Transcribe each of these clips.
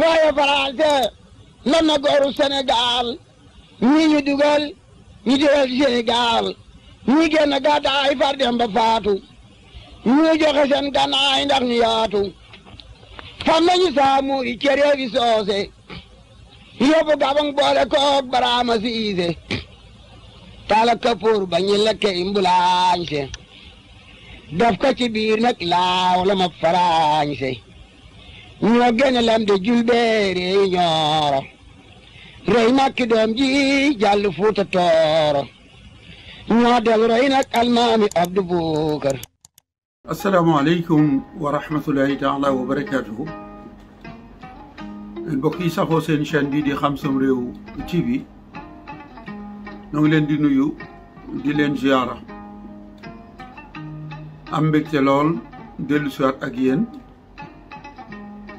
waaye Faranse man na gooru Sénégal ñii ñu dugal ñu dugal Sénégal ñii génn gàddaay far dem faatu ñii joxe seen gànnaay ndax ñu yaatu fam nañu saamu i cere bi soose yóbbu gabang boole koog baraama siise tala kapoor ba ñi lekke imbulaañse daf ko ci biir nag laaw la ma faraañse ñoo gën a lam de julbeeri ñooro rey makki doom ji jàll fuuta tooro ñoo del rey nag almaami abdu buukar asalaamaaleykum wa rahmatullahi taala wa barakaatuhu mbokk yi saxoo seen chaîne bi di Xam Sam Réew TV ngi leen di nuyu di leen ziyaara am mbégte lool dellu siwaat ak yéen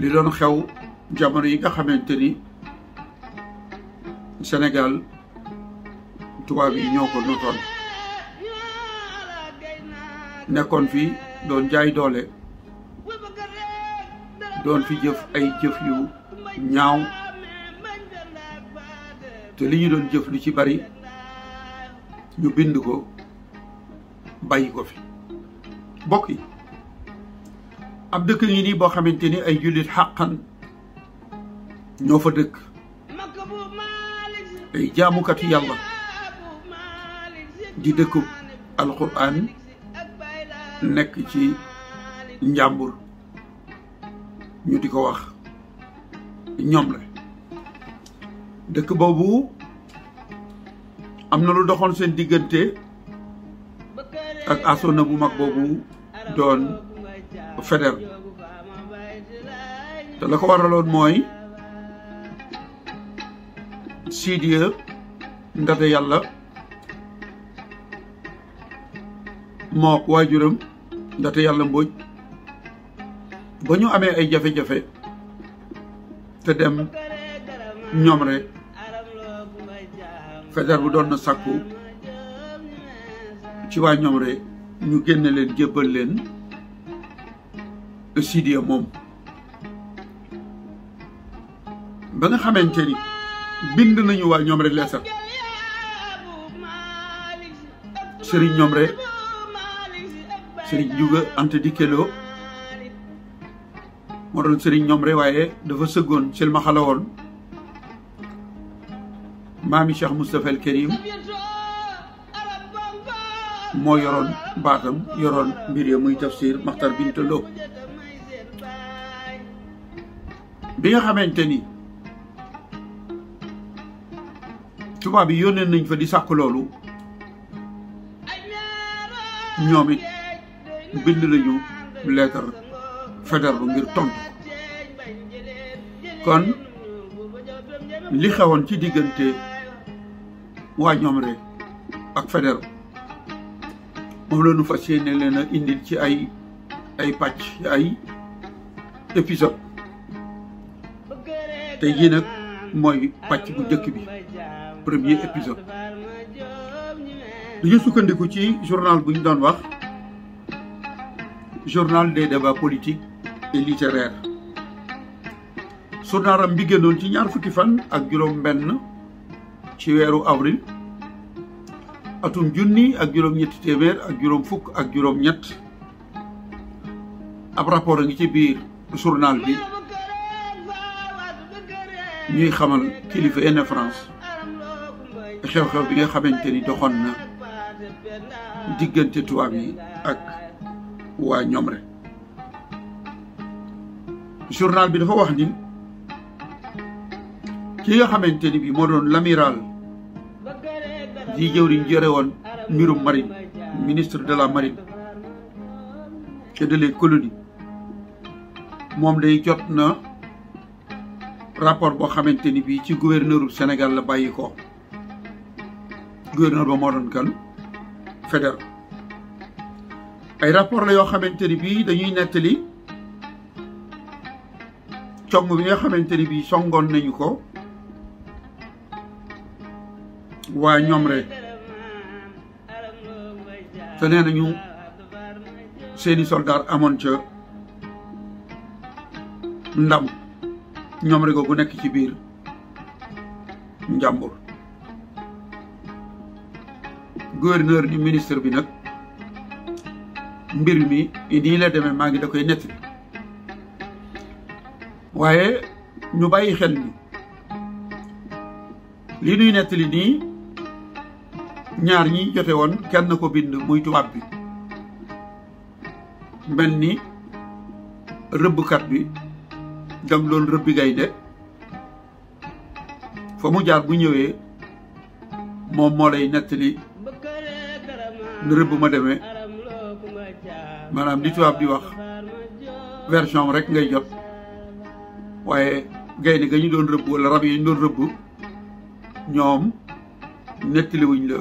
li doon xew jamono yi nga xamante ni Sénégal tubaab yi ñoo ko notoon nekkoon fi doon njaay doole doon fi jëf ay jëf yu ñaaw te li ñu doon jëf lu ci bari ñu bind ko bàyyi ko fi bokk ab dëkk ngi nii boo xamante ni ay jullit xàqan ñoo fa dëkk ay jaamukati yàlla di dëkkub alquran nekk ci njàmbur ñu di ko wax ñoom la dëkk boobu am na lu doxoon seen diggante ak asona bu mag boobu doon fetel te la ko waraloon mooy Sidiya Ndate Yàlla moo waajuram Ndate Yàlla Mbóoj ba ñu amee ay jafe-jafe te dem ñoom rek fetel bu doon na sàkku ci waa ñoom rek ñu génne leen jébbal leen Sidiya moom ba nga xamante ni bind nañu waa ñoom rek leesal sëriñ ñoom rek Serigne ant di Dikello moo doon sëriñ ñoom rek waaye dafa sëggoon silmaxalawoon la woon maami Cheikh Moustapha El moo yoroon baatam yoroon mbir ya muy tafsir Maxtar Binta Lo bi nga xamante ni tubaab yi yónnee nañ fa di sàkk loolu ñoom it bind nañu leetar Faidherbe ngir tontu kon li xewoon ci diggante waa Ñomre ak Faidherbe moom la ñu fas yéene leen a indil ci ay ay pàcc ay épisode te yii nag mooy pàcc bu njëkk bi premier épisode dañu sukkandiku ci journal bu ñu doon wax journal des débats politiques et littéraires surnaaram bi génnoon ci ñaar fukki fan ak juróom benn ci weeru avril atum junni ak juroom ñett téeméer ak juroom fukk ak juroom ñett ab rapport a ngi ci biir journal bi ñuy xamal kilifa en France xew-xew bi nga xamante ni doxoon na diggante tubaab yi ak waa ñoom rek journal bi dafa wax ni ki nga xamante ni bi moo doon l'amiral di jëwriñ jëre woon miru marine ministre de la marine et de les colonies moom day jot na rapport boo xamante ni bii ci gouverneur senegal la bàyyi ko gouverneur ba moo doon kan Faidherbe ay rapport la yoo xamante ni bii dañuy nettali cong bi nga xamante ni bii songoon nañu ko waa Ñomre te nee nañu seeni soldat amoon ca ndam ñoom rek gu nekk ci biir njàmbur gouverneur di ministre bi nag mbir mi nii la demee maa ngi da koy netti waaye ñu bàyyi xel ni li nuy nettali nii ñaar ñi jote woon kenn ko bind muy tubaab bi mel ni rëbbkat bi dem loolu rëbbi gaynde fa mu jaar bu ñëwee moom moo lay nettali ne rëbb ma deme maanaam li tubaab di wax version rek ngay jot waaye gaynde ga ñu doon rëbb wala rab yi ñu doon rëbb ñoom nettaliwuñ la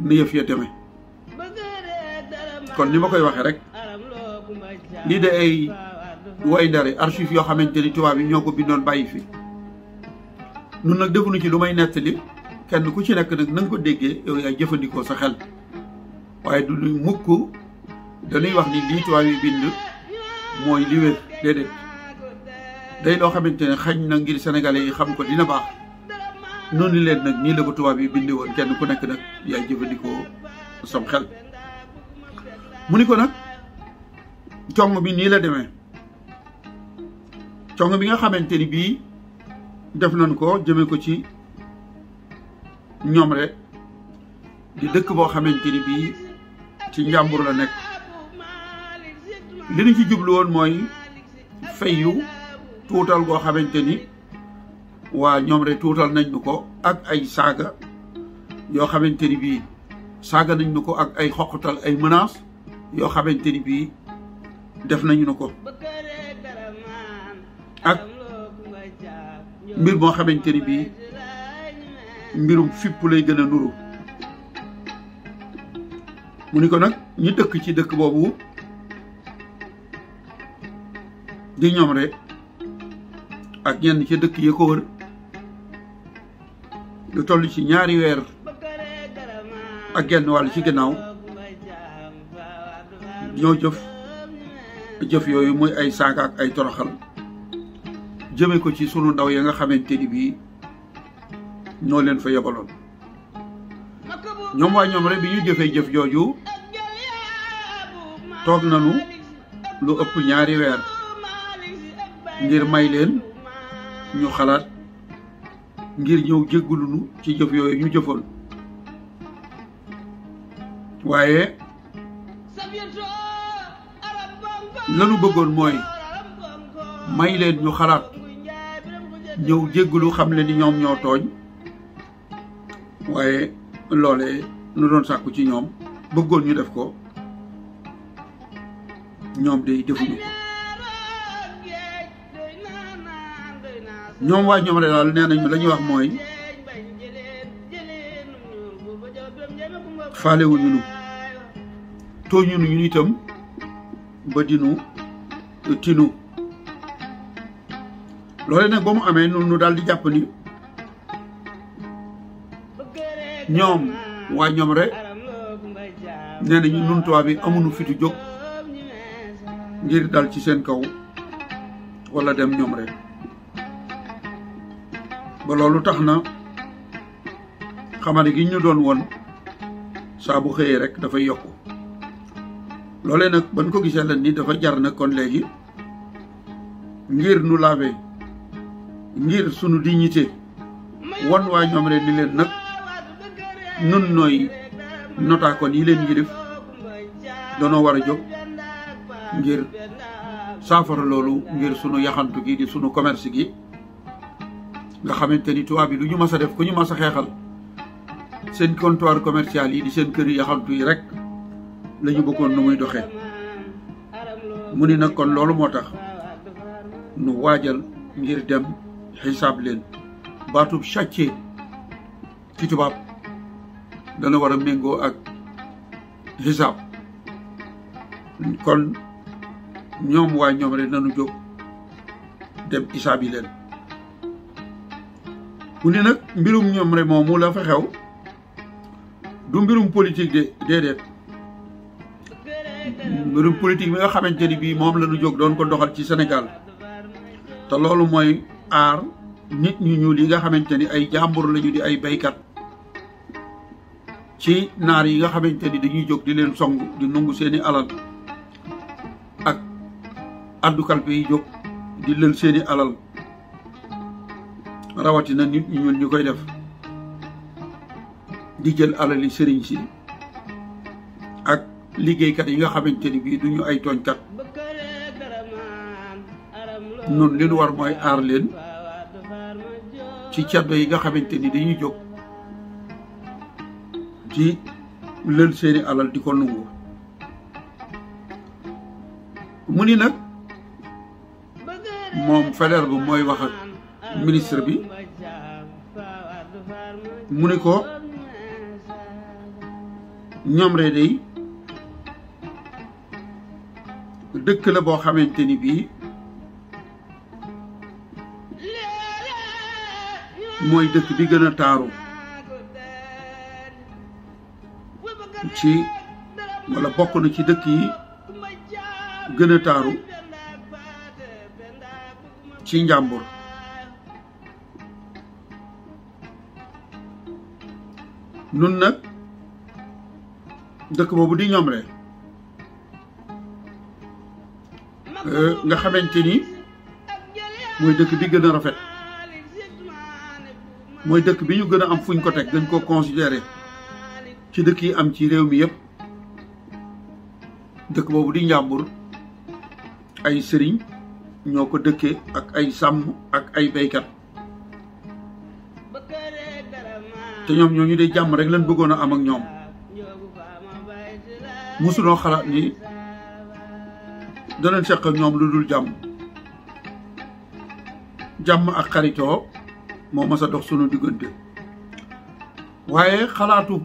ni ya demee kon ni ma koy waxe rek lii de ay Waydare archive yoo xamante ni tubaab yi ñoo ko bindoon bàyyi fi nun nag defuñu ci lu may nettali kenn ku ci nekk nag na ko déggee yow yaay jëfandikoo sa xel waaye du ñu mukk dañuy wax ni lii tubaab yi bind mooy li wér déedéet day loo xamante ne xañ na ngir sénégalais yi xam ko dina baax noonu leen nag nii la ko tubaab yi bindee woon kenn ku nekk nag yaay jëfandikoo sam xel mu ni ko nag cong bi nii la demee cong bi nga xamante ni bii def nañ ko jëme ko ci ñoom rek di dëkk boo xamante ni bii ci njàmbur la nekk li ñu ci jublu woon mooy fayyu tuutal goo xamante ni waa ñoom rek tuutal nañ nu ko ak ay saaga yoo xamante ni bii saaga nañ nu ko ak ay xoqatal ay menaces yoo xamante ni bii def nañu nu ko ak mbir moo xamante bi, bii mbirum fipp lay gën nuru mu ni ko nag ñi dëkk ci dëkk boobu di ñoom rek ak ñenn ci dëkk yi ya ko wër lu toll ci ñaari weer ak genn wàll ci ginnaaw ñoo jëf jëf muy ay ak ay toroxal jëme ko ci sunu ndaw ya nga xamante ni bii ñoo leen fa yebaloon ñoom waa ñoom rek bi ñu jëfee jëf jooju toog nañu lu ëpp ñaari weer ngir may leen ñu xalaat ngir ñëw jéggulunu ci jëf yooyu ñu jëfoon waaye lanu bëggoon mooy may leen ñu xalaat ñëw jéggulu xam le ni ñoom ñoo tooñ waaye loolee nu doon sàkku ci ñoom bëggoon ñu def ko ñoom day defuñu ko ñoom waa ñoom rek daal nee nañu la ñuy wax mooy faalewuñu nu tooñu nu ñu itam ba dinu tinu loole nag ba mu amee nun nu daal di jàpp ni ñoom waa ñoom rek nee nañu nun tubaab bi amuñu fitu jóg ngir dal ci seen kaw walla dem ñoom rekk ba loolu tax na xamane gi ñu doon woon saa bu xëyee rek dafay yokk loole nag ban ko gisee leen ni dafa jar nag kon léegi ngir nu laver ngir sunu dignité won wa ñom re di len nak nun noy nota kon yi len ngi def dono wara jog ngir safar lolu ngir sunu yaxantu gi di sunu commerce gi nga xamanteni tuwa bi luñu massa def ku ñu mësa xéxal seen comptoir commercial yi di seen kër yaxantu yi rek lañu bëggoon nu muy doxé nak kon lolu motax nu wajal ngir dem xisaab leen baatub sàcce ci tubaab dana war a méngoo ak xisaab kon ñoom waa ñoom rek nanu jóg dem isaabi leen mu ne nag mbirum ñoom rek la fa xew du mbirum politique de déedéet mbirum politique bi nga xamante ni bii moom la ñu jóg doon ko doxal ci Sénégal te loolu mooy ar nit ñu ñu li nga xamanteni ay jambour lañu di ay baykat ci nar yi nga xamanteni dañuy jog di leen song di nungu seeni alal ak addukalpe yi jog di leen seeni alal rawatina nit ñu ñu koy def di jël yi sëriñ si ak kat yi nga xamanteni bi duñu ay kat nun li nu war moy ar leen ci caddo yi nga xamante ni dañuy jóg ci lël seeni alal di ko nungu mu ni nag moom fédéral bu mooy wax ak ministre bi mu ni ko ñoom rek day dëkk la boo xamante ni bii mooy dëkk bi gën taaru ci walla bokk na ci dëkk yi gën a taaru ci njàmbur nun nag dëkk boobu di ñoom rek euh, nga xamante ni mooy dëkk bi gën rafet mooy dëkk bi ñu gën a am fuñ ko teg gën koo considéré ci dëkk yi am ci réew mi yëpp dëkk boobu di njàmbur ay sëriñ ñoo ko dëkkee ak ay sàmm ak ay béykat te ñoom ñoo ñu dee jàmm rek lañ bëggoon a am ak ñoom musunoo xalaat ni danañ seq ak ñoom lu dul jàmm jàmm ak xaritoo moo mas a dox sunu diggante waaye xalaatu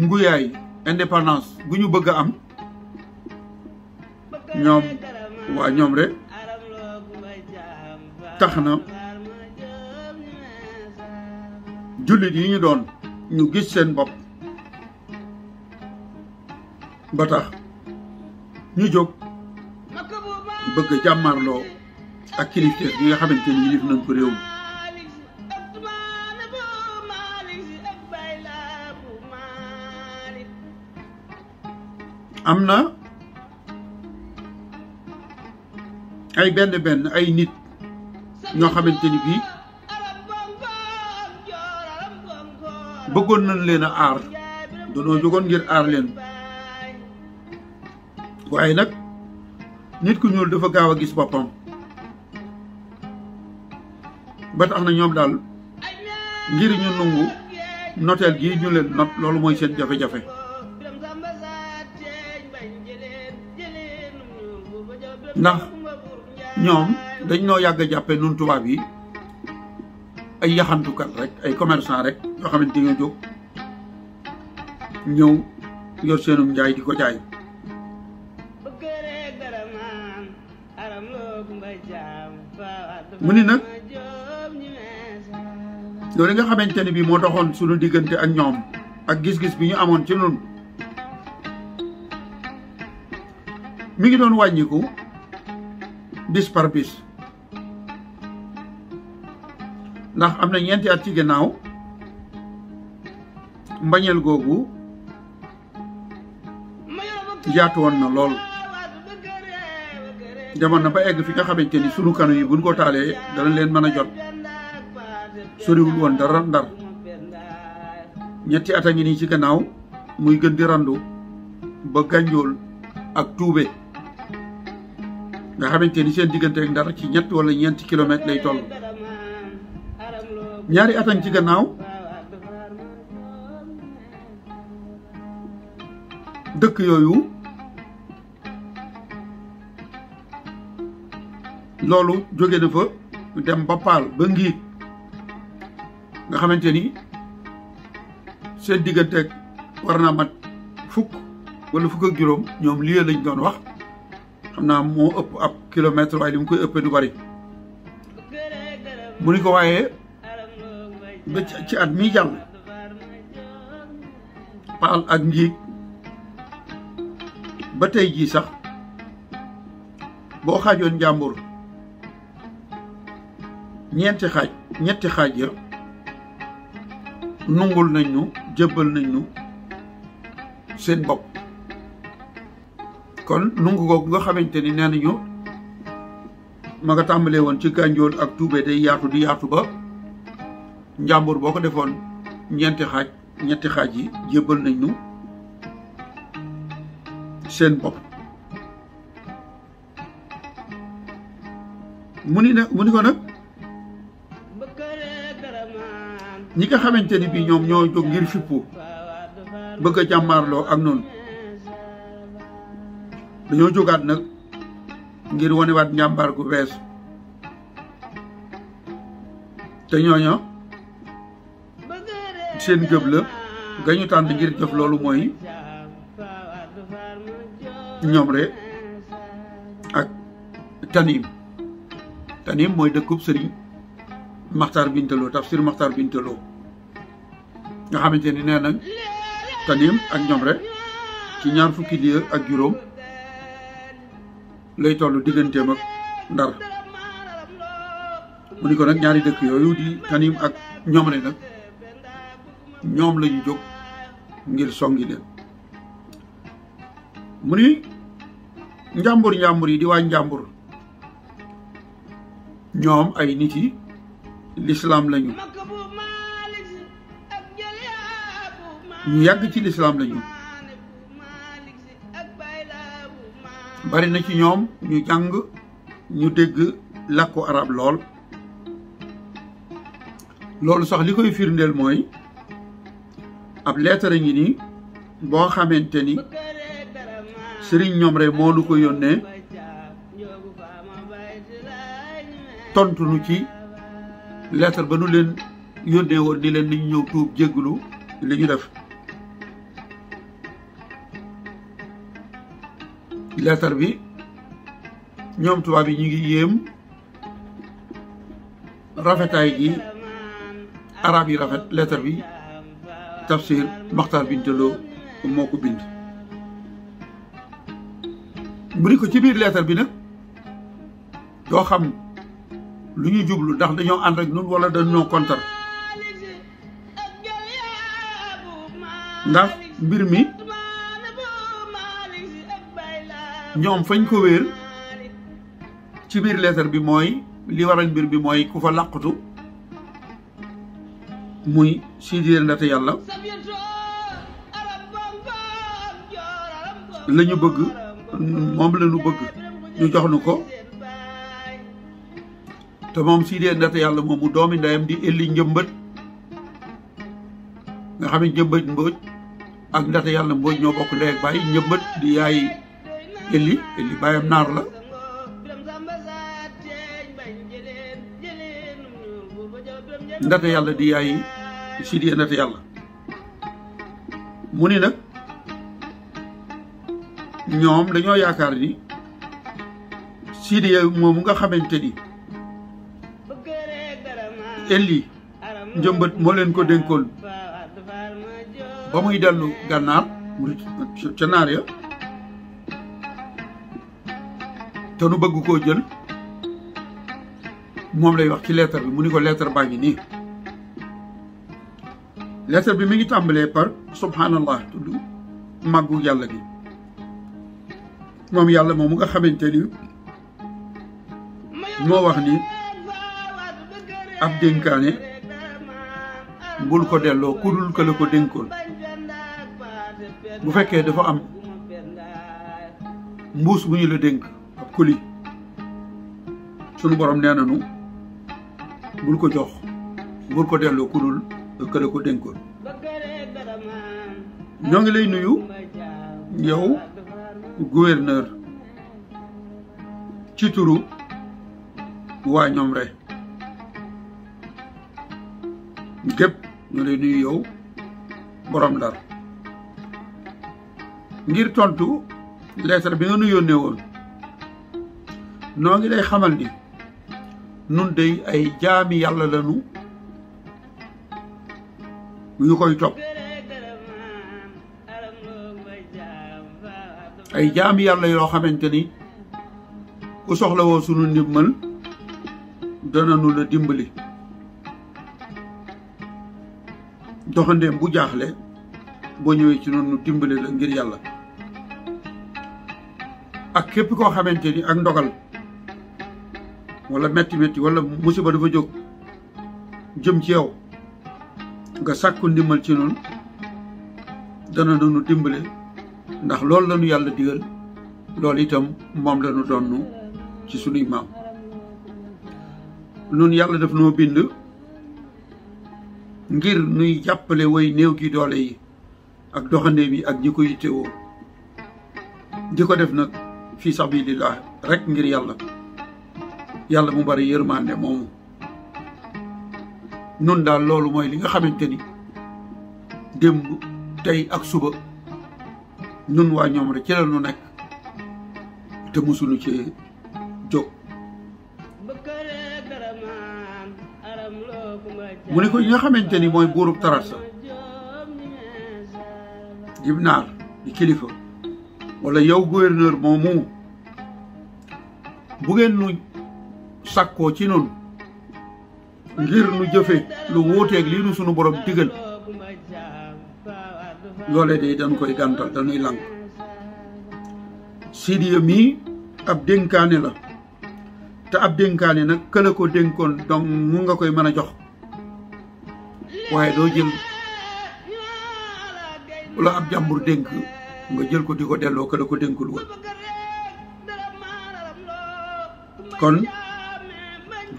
nguyaay indépendance bu ñu bëgg am ñoom waa ñoom rek tax na jullit yi ñu doon ñu gis seen bopp ba tax ñu jóg bëgg jàmmarloo ak kilifteef yi nga xamante ni yilif nañ ko réew mi am na ay benn benn ay nit ñoo xamante ni bii bëggoon nañ leen a aar danoo jógoon ngir aar leen waaye nag nit ku ñuul dafa gaaw a gis boppam ba tax na ñoom daal ngir ñu nungu noteel gii ñu leen not loolu mooy seen jafe-jafe ndax ñoom dañ noo yàgg a jàppe nun tubaab yi ay yaxantukat rek ay commerçant rek yoo xamante ni nga jóg ñëw yor seenum njaay di ko jaay mu ni nag loolu nga xamante ne bii moo doxoon sunu diggante ak ñoom ak gis-gis bi ñu amoon ci nun mi ngi doon wàññiku bis par bis ndax am na ñeenti at ci gannaaw mbañeel googu yaatu woon na lol demoon na ba egg fi nga xamante ni kanu yi buñ ko taalee dana leen mën a jot soriwul woon dara ndar ñetti at a ngi ci gannaaw muy gën di randu ba gànjool ak tuube nga xamanteni seen digënté ak dara ci ñett wala ñent kilomètre lay toll ñaari atan ci gannaaw dëkk yooyu loolu jóge na fa dem ba paal ba ngiit nga nah, xamante ni seen digganteeg war naa mat fukk wala fukk ak juróom ñoom lii lañ doon wax xam naa moo ëpp ab kilomètre waaye li mu koy ëppee du bari mu ni ko waaye ba ci at mii jàll paal ak njiig ba tey jii sax boo xaajoon njàmbur ñeenti xaaj ya nungul nañu ñu jébbal nañ ñu seen bopp kon nungu googu nga xamante ni nee ñu ma nga tàmbalee woon ci Gànjool ak Tuubee day yaatu di yaatu ba njàmbur boo ko defoon ñeenti xaaj ñetti xaaj yi jébbal nañ ñu seen bopp mu ni nag mu ni ko nag ñi nga xamante ni bii ñoom ñoo jóg ngir fippu bëgg a jàmmaarloo ak noonu dañoo jógaat nag ngir wonewaat njàmbaar gu bees te ñooño seen gëb la gañu tànn ngir jëf loolu mooy ñomre ak tanim tanim mooy dëkku sëriñ maxtaar bintaloo tafsir maxtaar bintaloo nga xamante ni nee nañ tanim ak ñomre ci ñaar fukki lieu ak juróom lay tollu digeentem ak ndar mu niko nak ñaari dekk yoyu di tanim ak ñom lay nak ñom lañu jog ngir songi leen mu ni njambur njambur yi di wañ njambur ñom ay niti l'islam lañu ñu yag ci l'islam lañu bari na ci ñoom ñu jàng ñu dégg làkku arab lool loolu sax li koy firndeel mooy ab leetara ngi ni boo xamante ni sëriñ ñoom rek moo nu ko yónnee tontu nu ci leetar ba nu leen yónnee woon ni leen nañu ñëw tuub jégglu li ñu def leetar bi ñoom tubaab yi ñu ngi yéem rafetaay gi arab yi rafet leetar bi tafsir maxtaar Binta Lo moo ko bind bu ko ci biir leetar bi nag doo xam lu ñu jublu ndax dañoo ànd rek nun wala dañoo kontar ndax mbir mi ñoom fañ ko wéer ci biir leetar bi mooy li waral mbir bi mooy ku fa làqutu muy Sidi Ndate yàlla la ñu bëgg moom la ñu bëgg ñu jox nu ko te moom Sidi Ndate yàlla moom mu doomi ndeyam di Elli Njëmbët nga xam ne Njëmbët Mbóoj ak Ndate yàlla Mbóoj ñoo bokk ndey ak Njëmbët di yaay Eli Eli bayam nar la ndata yalla di yaay Sidiya ndata yàlla mu ni nag nyom dañoo nyom ni Sidiya moomu nga xamanteni Eli njëmbat mo leen ko denkol ba muy dellu ganar, ci naar ya te nu bëgg koo jël moom lay wax ci lettre bi mu ni ko lettre baa ngi nii lettre bi mi ngi tàmbalee par subhanallah tudd màggu yàlla gi moom yàlla moom nga xamante ni moo wax ni ab dénkaane bul ko delloo ku dul ka la ko dénkoon bu fekkee dafa am mbuus bu ñu la dénk kuli sunu borom nee nañu bul ko jox bul ko delloo ku dul kële ko dénkoon ñoo ngi lay nuyu yow gouverneur ci turu waa ñoom rek gépp ñu lay nuyu yow borom Ndar ngir tontu lettre bi nga nu yónnee woon noo ngi lay xamal ni nun day ay jaami yàlla lañu yu koy topp ay jaami yàlla yoo xamante ni ku soxlawoo sunu ndimbal danañu la dimbali doxandeem bu jaaxle boo ñëwee ci noonu dimbali la ngir yàlla ak képp koo xamante ni ak ndogal wala métti métti wala musiba dafa jóg jëm ci yow nga sàkku ndimbal ci noonu dana nu dimbale ndax loolu la nu yàlla digal loolu itam moom lanu nu ci sunuy maam nun yàlla daf noo bind ngir nuy jàppale way néew gi doole yi ak doxandéem bi ak ñi ko yittewoo di ko def nag fii sabilillah rek ngir yàlla yàlla mu bari yërmande moomu nun daal loolu mooy li nga xamante ni démb tey ak suba nun waa ñoom rek ci la ñu nekk te mosuñu ci jóg mu ne ko ñi nga xamante ni mooy buurub Tarassa jibnaar di kilifa walla yow gouverneur moomu bu ngeen nu sakko ci non ngir nu jëfe lu ak li nu sunu borom digal lolé de dañ koy gantal dañuy lang sidi ya mi ab denkané la ta ab denkané nak kala ko denkon donc mu nga koy mëna jox waye do jël wala ab jambour denk nga jël ko diko ko kala ko denkul kon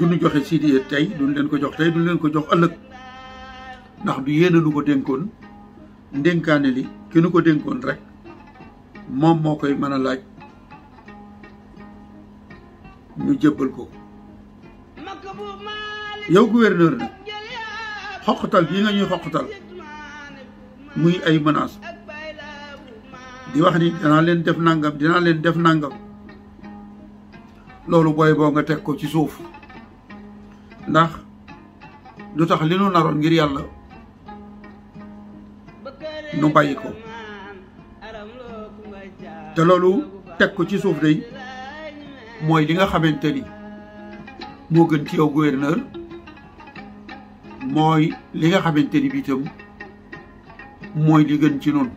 duñu joxe sidi tay duñu len ko jox tay duñu len ko jox ëlëk ndax du yéene lu ko dénkoon ndénkaane li ki nu ko dénkoon rek moom moo koy mën a laaj ñu jébbal ko yow gouverneur nag xoqatal yi nga ñuy xoqatal muy ay menace di wax ni dinaa leen def nangam dina leen def nangam loolu booy boo nga teg ko ci suuf ndax du tax li nu naroon ngir yàlla nu bàyyi ko te loolu teg ko ci suuf day mooy li nga xamante ni moo gën ci yow gouverneur mooy li nga xamante ni bii tam mooy li gën ci noonu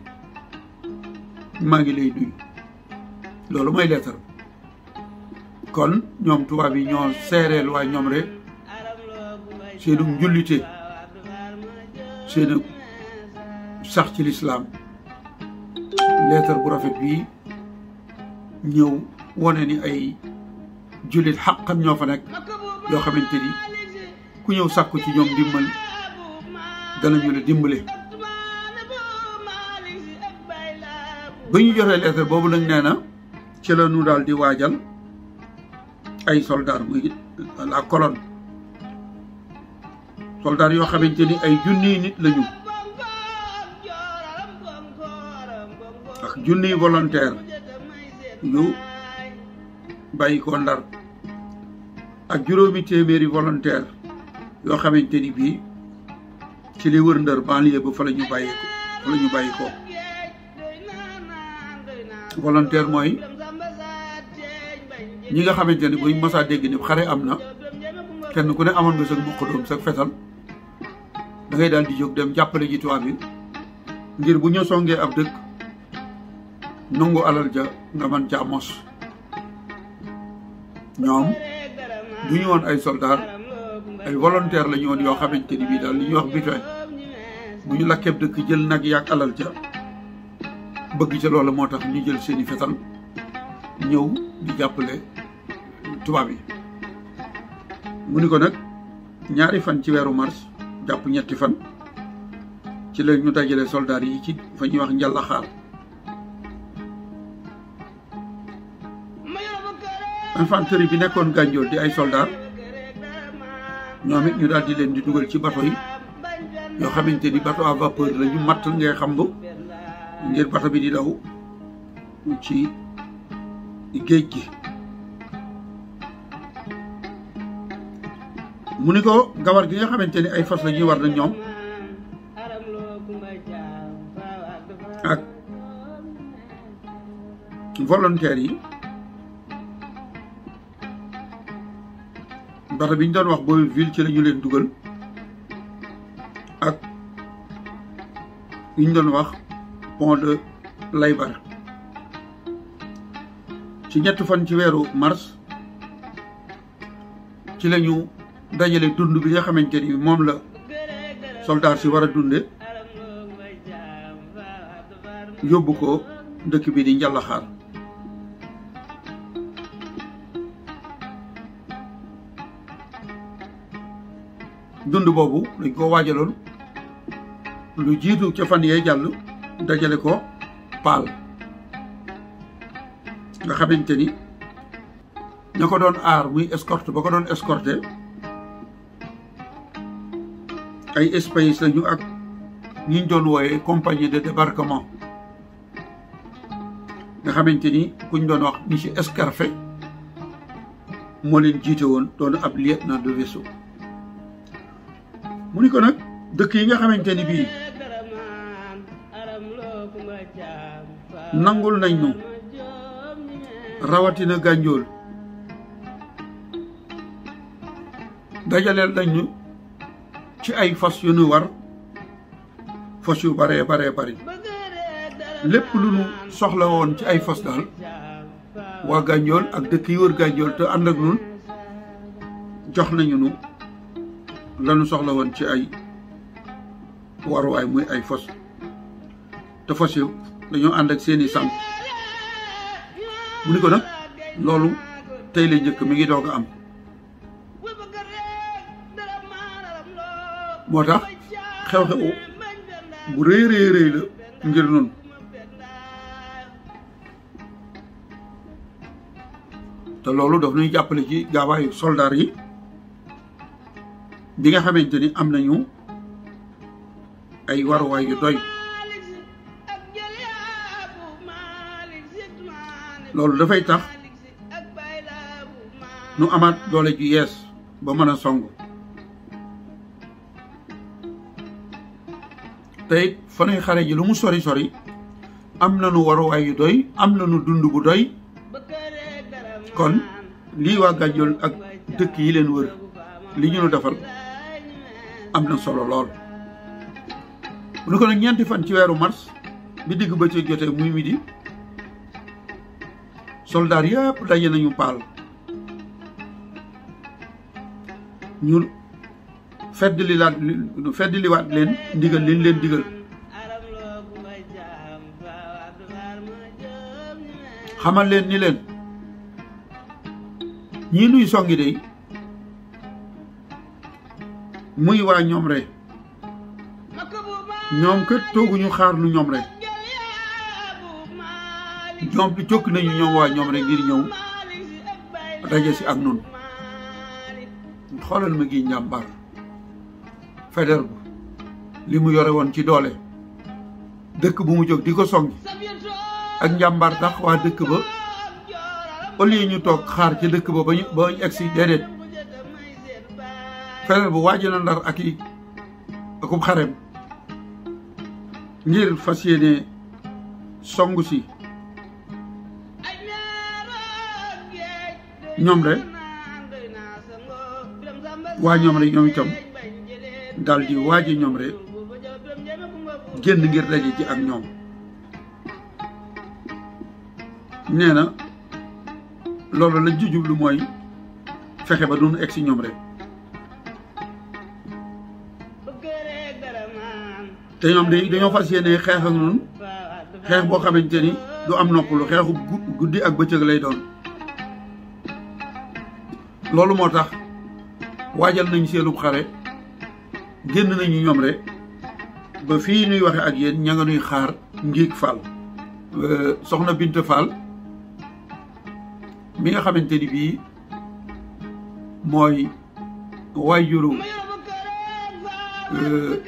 maa ngi lay nuyu loolu mooy leetar kon ñoom tubaab yi ñoo seereel waa ñoom rek seenu njullite mhm. seenu sax ci lislaam leetar bu rafet bii ñëw wone ni ay jullit xaqan ñoo fa nekk yoo xamante ni ku ñëw sàkku ci ñoom dimbal danañu la dimbale ba ñu joxee leetar boobu nag nee na ci la ñu daal di waajal ay soldats muy la colonne soldaar yoo xamante ni ay junniy nit lañu ak junniy volontaire yu bàyyi ko ndar ak juróomi téeméeri volontaire yoo xamante bi ci li wër ndër banlieue ba fa la ñu bàyyi ko fa la ñu bàyyi ko volontaire mooy ñi nga xamante ni buñ mës a dégg ni xare am na kenn ku ne amoon nga sa mboq doom sa fetal da ngay dal di jog dem jappale ji tuwa bi ngir bu ñu songé ab dekk nongo alal ja nga man ja mos ñom du ñu won ay soldat ay volontaire la ñu won yo xamante ni bi, daal li ñu wax bu ñu dekk jël nak yak alal ja bëgg ci loolu moo ñu jël seeni fetal ñëw di jàppale tubaab yi mu ni ko nag ñaari fan ci weeru mars japp ñetti fan ci la ñu dajale soldat yi ci fa ñu wax ñalla xaar infanterie bi nekkoon gànjool di ay soldat ñoom it ñu daal di leen di dugal ci bato yi yoo xamante ni bato à vapeur la ñu matt ngay xam ba ngir bato bi di daw ci géej gi mu ni ko gawar gi nga xamante ni ay fas lañuy war na ñoom ak volontaires yi bato bi ñu doon wax boobu ville ci la leen dugal ak yu ñu doon wax pont de Laybara ci ñett fan ci weeru mars ci lañu dajale dund bi nga xamanteni mom la soldat ci wara dundé dunde yóbbu ko dëkk bi di njàllaxaar dund bobu dañ ko waajaloon lu jitu ci fan ye jallu dajale ko pal nga xamanteni ñako don ar muy escorte bako don escorter ay espace lañu ak ñi ñu doon wooyee compagnie de débarquement nga xamante ni kuñ doon wax monsieur Escarfet moo leen jiite woon doon ab lieutenant de vaisseau mu ni ko nag dëkk yi nga xamante ni bii nangul nañ ñu rawatina gànjool dajaleel nañ ñu ci ay fas yu ñu war fas yu pare bare bare lepp lu ñu soxla woon ci ay fas dal wa gañol ak dekk yu wër gañol te and ak ñun jox nañu nu lanu soxla woon ci ay waruwaay muy ay fas te fas yu dañu and ak seeni sam mu ni ko nak lolu tay lay jëk mi ngi am moo tax xew-xew bu rëy rëy rëy la ngir noonu te loolu daf ñuy jàppale ji gaawaayu soldaar yi bi nga xamante ni am nañu ay waruwaay yu doy loolu dafay tax nu amaat doole ju yees ba mën a song tay fanay xare ji lu mu sori sori amna nu waro ay doy amna nu dundu bu doy kon li wa gajol ak dekk yi len wër li ñu defal amna solo lol lu ko nak ñent fan ci wéru mars bi digg ba ci jotté muy midi soldat yépp daje nañu pal ñu feddali laat feddaliwaat leen ndigal liñ leen digal xamal leen ni leen ñii nuy songi dey muy waa ñoom rek ñoom kat tooguñu xaar lu ñoom rek ñoom di jóg nañu ñoom waa ñoom rek ngir ñëw daje ak noonu xoolal ma gi njàmbaar Faidherbe li mu yore woon ci doole dëkk bu mu jóg di ko songi ak njàmbaar tax waa dëkk ba au yi ñu toog xaar ci dëkk ba ba ñu ba ñu egsi déedéet bu waaj na Ndar ak i akub xarem ngir fas yéene songu si ñoom de waa ñoom rek ñoom dal di waaj ñoom rek génn ngir daje ji ak ñoom nee na loolu lañ ci jublu mooy fexe ba duñ egg si ñoom rek te ñoom day dañoo fas yéene xeex ak noonu xeex boo xamante ni du am noppalu xeexu guddi ak bëccëg lay doon loolu moo tax waajal nañu seenub xare génn nañu ñoom rek ba fii nuy waxe ak yéen ña nga nuy xaar Ngick Fall euh, soxna Binte Fall mi nga xamante ni bii mooy waajuru euh,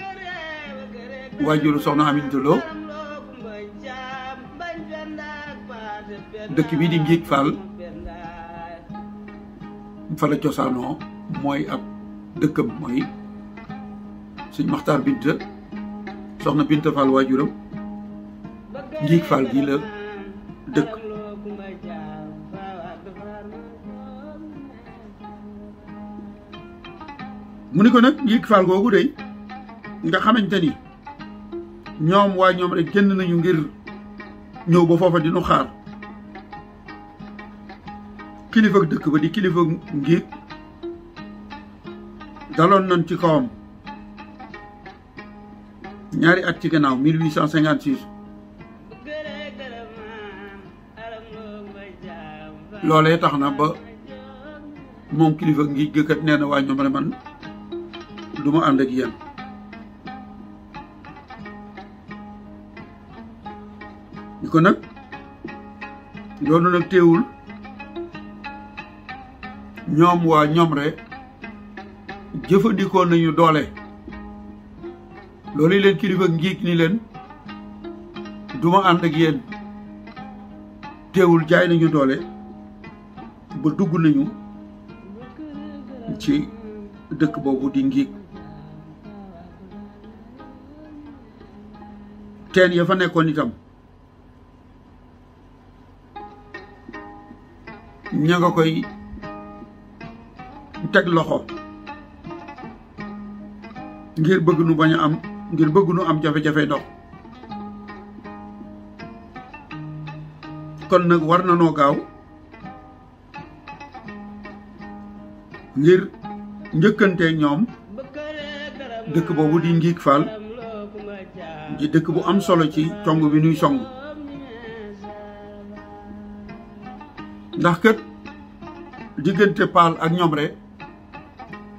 waajuru soxna Aminta Lo dëkk bii di Ngick Fall fa la cosaanoo mooy ab dëkkam mooy suñ maxtaar binta soxna binta Fall waajuram njiig Fall gii la dëkk mu ni ko nag njiig Fall googu dey nga xamante ni ñoom waa ñoom rek génn nañu ngir ñëw ba foofa di xaar kilifa dëkk ba di kilifa ngiig daloon nañ ci kawam ñaari at ci gannaaw 1856 loolee tax na ba moom kilifa ngi gëkkat nee na waa ñoom ne man du ma ànd ak yéen ñu ko nag loolu nag teewul ñoom waa ñoom jëfandikoo nañu doole loolu leen kilifa njiig ni leen duma ànd ak yéen teewul jaay nañu doole ba dugg nañu ci dëkk boobu di ngiig teen ya fa nekkoon itam ña nga koy teg loxo ngir bëgg nu bañ a am ngir bëgg nu am jafe-jafe ndox kon nag war na noo gaaw ngir njëkkante ñoom dëkk boobu di Ngick Fall di dëkk bu am solo ci tong bi nuy song ndax kët diggante Paal ak ñoom rek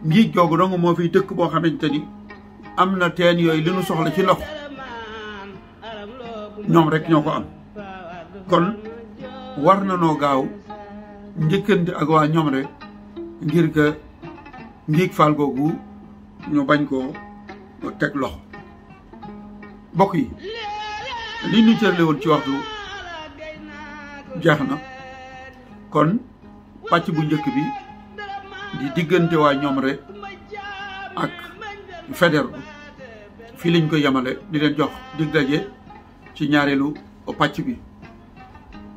Ngick joogu dong moo fi dëkk boo xamante ni am na teen yooyu li nu soxla ci ndox ñoom rek ñoo ko am kon war na noo gaaw njëkkante ak waa ñoom rek ngir que ngiig faal googu ñu bañ koo teg loxo mbokk yi li ñu cërle ci waxtu jeex na kon pàcc bu njëkk bi di diggante waa ñoom rek ak fédéral fii lañ ko yemale di leen jox dig daje ci ñaareelu pàcc bi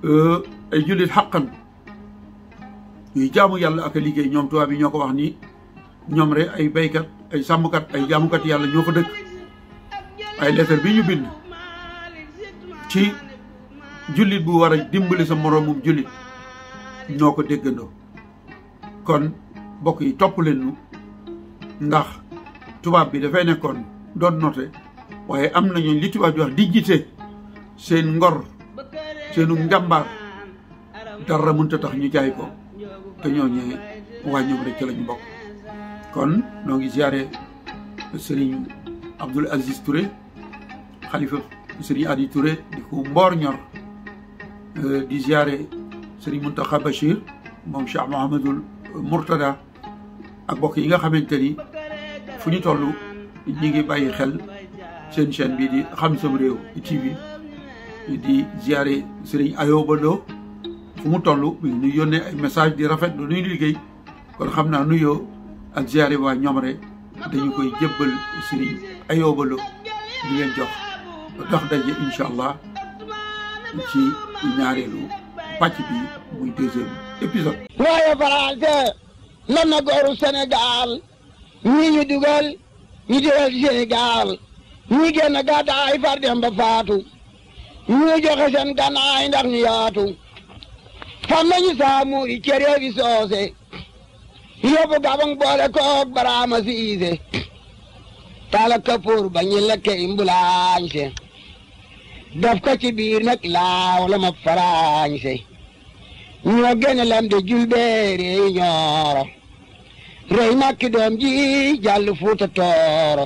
euh, ay jullit xàqan ñuy jaamu yàlla ak liggéey ñoom tubaab yi ñoo ko wax nii ñoom rek ay béykat ay sàmmkat ay jaamukat yàlla ñoo ko dëkk ay lettre bi ñu bind ci jullit bu war a dimbali sa moroomum jullit ñoo ko déggandoo kon mbokk yi topp leen ñu ndax tubaab bi dafay nekkoon doon noté waaye am nañu li tubaab di wax seen ngor seenu njàmbaar dara mënta tax ñu jaay ko te ñooñu waa ñoom rek ci lañu bokk. kon noo ngi ziare Serigne Abdoul Aziz Touré xalifa Serigne Adi Touré di ko mboor ñor euh, di ziare Serigne Mountakha Bachir moom Cheikh Mouhamadul Mourtada ak mbokk yi nga xamante ni. fu ñu toll ñu ngi bàyyi xel seen chaîne bi di Xam Sam Réew TV di ziare Serigne Ayoba fu mu toll mi ngi ñu yónnee ay message di rafet lu ñuy liggéey kon xam naa nuyoo ak ziare waa Ñomre dañu koy jébbal Serigne Ayoba Lo leen jox dox daje incha allah ci ñaareelu pàcc bi muy deuxième épisode waaye Faransé man na ñii ñu dugal ñu dugal ci Sénégal ñii génn gàddaay far dem faatu ñii joxe seen gànnaay ndax ñu yaatu fam nañu saamuur yi cëree fi soose yóbbu gabang boole koog baraama siise tala kapoor ba ñu lekke imbulaañse daf ko ci biir nag laaw la ma faraañse ñoo génn lam de julbeere ñooro roy makki doom ji jàll fuuta tooro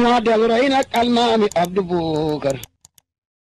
ñoo del roy nag almaami Abdu